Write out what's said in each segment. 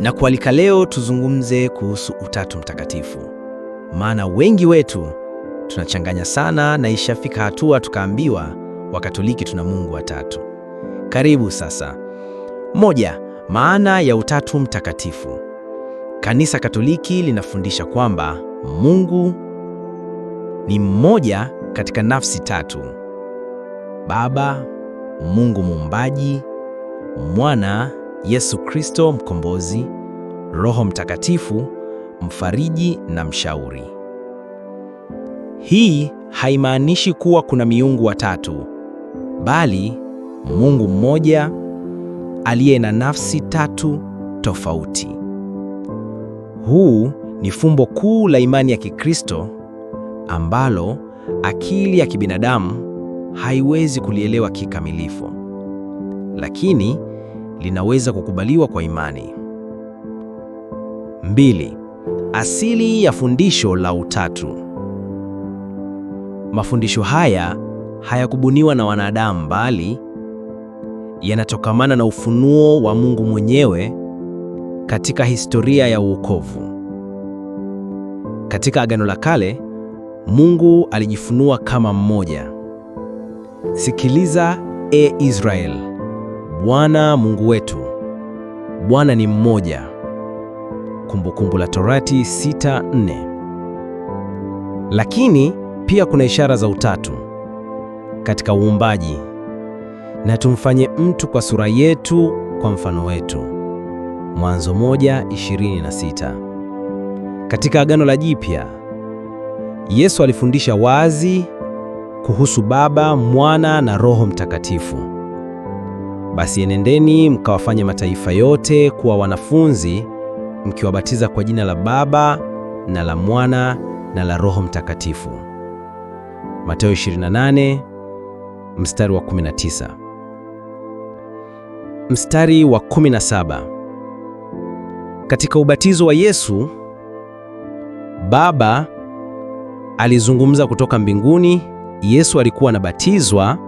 na kualika leo tuzungumze kuhusu Utatu Mtakatifu, maana wengi wetu tunachanganya sana na ishafika hatua tukaambiwa Wakatoliki tuna Mungu watatu. Karibu sasa. Moja, maana ya Utatu Mtakatifu. Kanisa Katoliki linafundisha kwamba Mungu ni mmoja katika nafsi tatu: Baba, Mungu muumbaji, Mwana Yesu Kristo mkombozi, Roho Mtakatifu mfariji na mshauri. Hii haimaanishi kuwa kuna miungu watatu, bali Mungu mmoja aliye na nafsi tatu tofauti. Huu ni fumbo kuu la imani ya Kikristo ambalo akili ya kibinadamu haiwezi kulielewa kikamilifu. Lakini linaweza kukubaliwa kwa imani. Mbili, asili ya fundisho la utatu. Mafundisho haya hayakubuniwa na wanadamu bali yanatokamana na ufunuo wa Mungu mwenyewe katika historia ya uokovu. Katika Agano la Kale, Mungu alijifunua kama mmoja. Sikiliza, e Israeli, Bwana Mungu wetu, Bwana ni mmoja. Kumbukumbu la Torati 6:4. Lakini pia kuna ishara za utatu katika uumbaji, na tumfanye mtu kwa sura yetu, kwa mfano wetu, Mwanzo 1:26. Katika Agano la Jipya, Yesu alifundisha wazi kuhusu Baba, Mwana na Roho Mtakatifu. Basi enendeni mkawafanye mataifa yote kuwa wanafunzi, mkiwabatiza kwa jina la Baba na la Mwana na la Roho Mtakatifu. Mateo 28 mstari wa 19. Mstari wa 17. Katika ubatizo wa Yesu, Baba alizungumza kutoka mbinguni. Yesu alikuwa anabatizwa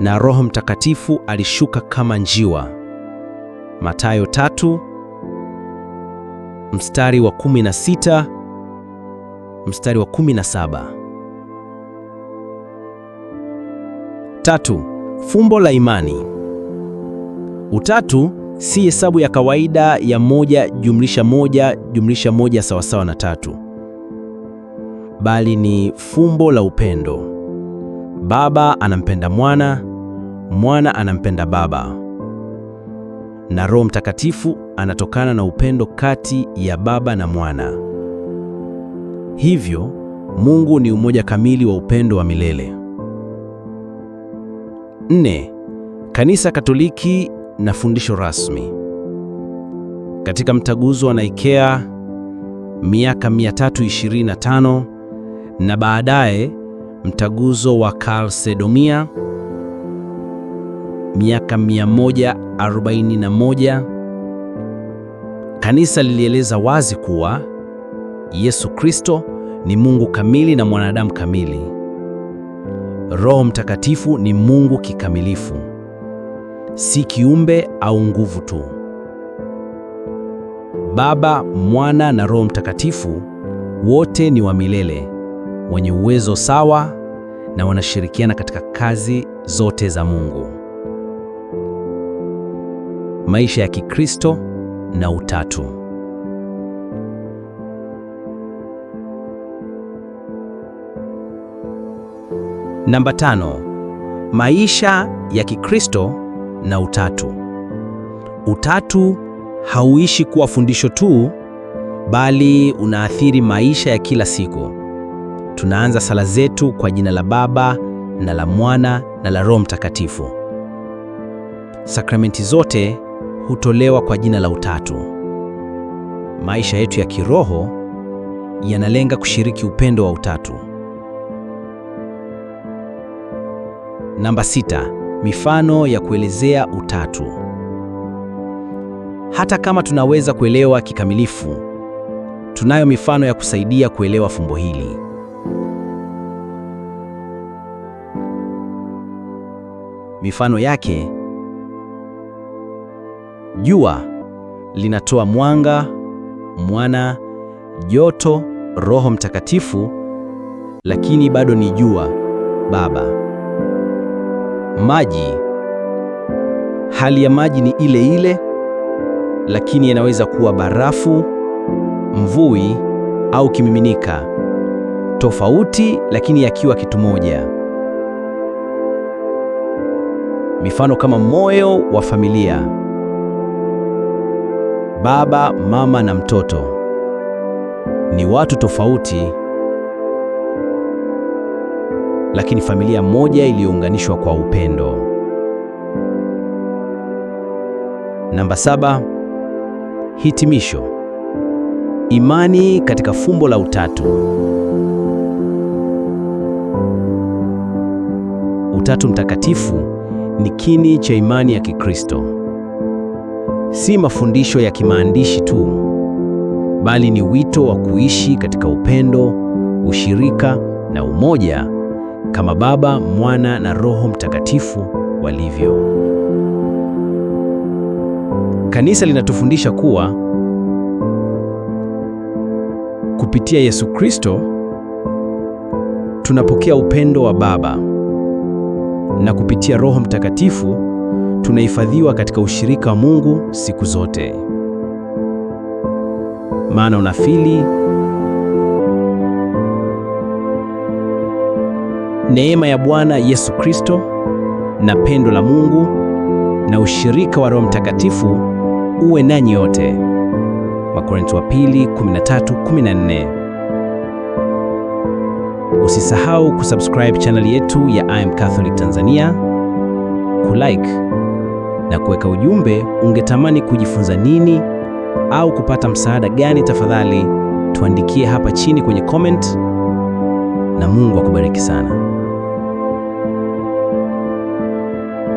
na Roho Mtakatifu alishuka kama njiwa. Mathayo tatu mstari wa 16 mstari wa 17. Tatu, fumbo la imani. Utatu si hesabu ya kawaida ya moja jumlisha moja jumlisha moja sawasawa na tatu, bali ni fumbo la upendo. Baba anampenda mwana Mwana anampenda Baba na Roho Mtakatifu anatokana na upendo kati ya Baba na Mwana. Hivyo Mungu ni umoja kamili wa upendo wa milele. Nne, Kanisa Katoliki na fundisho rasmi. Katika mtaguzo wa Nikea miaka 325 na baadaye mtaguzo wa Kalsedonia miaka 141, kanisa lilieleza wazi kuwa Yesu Kristo ni Mungu kamili na mwanadamu kamili. Roho Mtakatifu ni Mungu kikamilifu, si kiumbe au nguvu tu. Baba, Mwana na Roho Mtakatifu wote ni wa milele, wenye uwezo sawa na wanashirikiana katika kazi zote za Mungu maisha ya Kikristo na utatu. Namba tano, maisha ya Kikristo na utatu. Utatu hauishi kuwa fundisho tu, bali unaathiri maisha ya kila siku. Tunaanza sala zetu kwa jina la Baba na la Mwana na la Roho Mtakatifu. Sakramenti zote hutolewa kwa jina la Utatu. Maisha yetu ya kiroho yanalenga kushiriki upendo wa Utatu. Namba sita, mifano ya kuelezea Utatu. Hata kama tunaweza kuelewa kikamilifu, tunayo mifano ya kusaidia kuelewa fumbo hili. Mifano yake Jua linatoa mwanga, mwana, joto, Roho Mtakatifu, lakini bado ni jua, Baba. Maji, hali ya maji ni ile ile, lakini yanaweza kuwa barafu, mvui au kimiminika tofauti, lakini yakiwa kitu moja. Mifano kama moyo wa familia Baba, mama na mtoto ni watu tofauti, lakini familia moja iliyounganishwa kwa upendo. Namba saba, hitimisho: imani katika fumbo la utatu. Utatu Mtakatifu ni kini cha imani ya Kikristo si mafundisho ya kimaandishi tu, bali ni wito wa kuishi katika upendo, ushirika na umoja kama Baba, Mwana na Roho Mtakatifu walivyo. Kanisa linatufundisha kuwa kupitia Yesu Kristo tunapokea upendo wa Baba na kupitia Roho Mtakatifu tunahifadhiwa katika ushirika wa Mungu siku zote. Maana unafili neema ya Bwana Yesu Kristo na pendo la Mungu na ushirika wa Roho Mtakatifu uwe nanyi yote. Wakorintho wa pili 13:14. Usisahau kusubscribe chaneli yetu ya I am Catholic Tanzania, kulike na kuweka ujumbe, ungetamani kujifunza nini au kupata msaada gani? Tafadhali tuandikie hapa chini kwenye comment, na Mungu akubariki sana.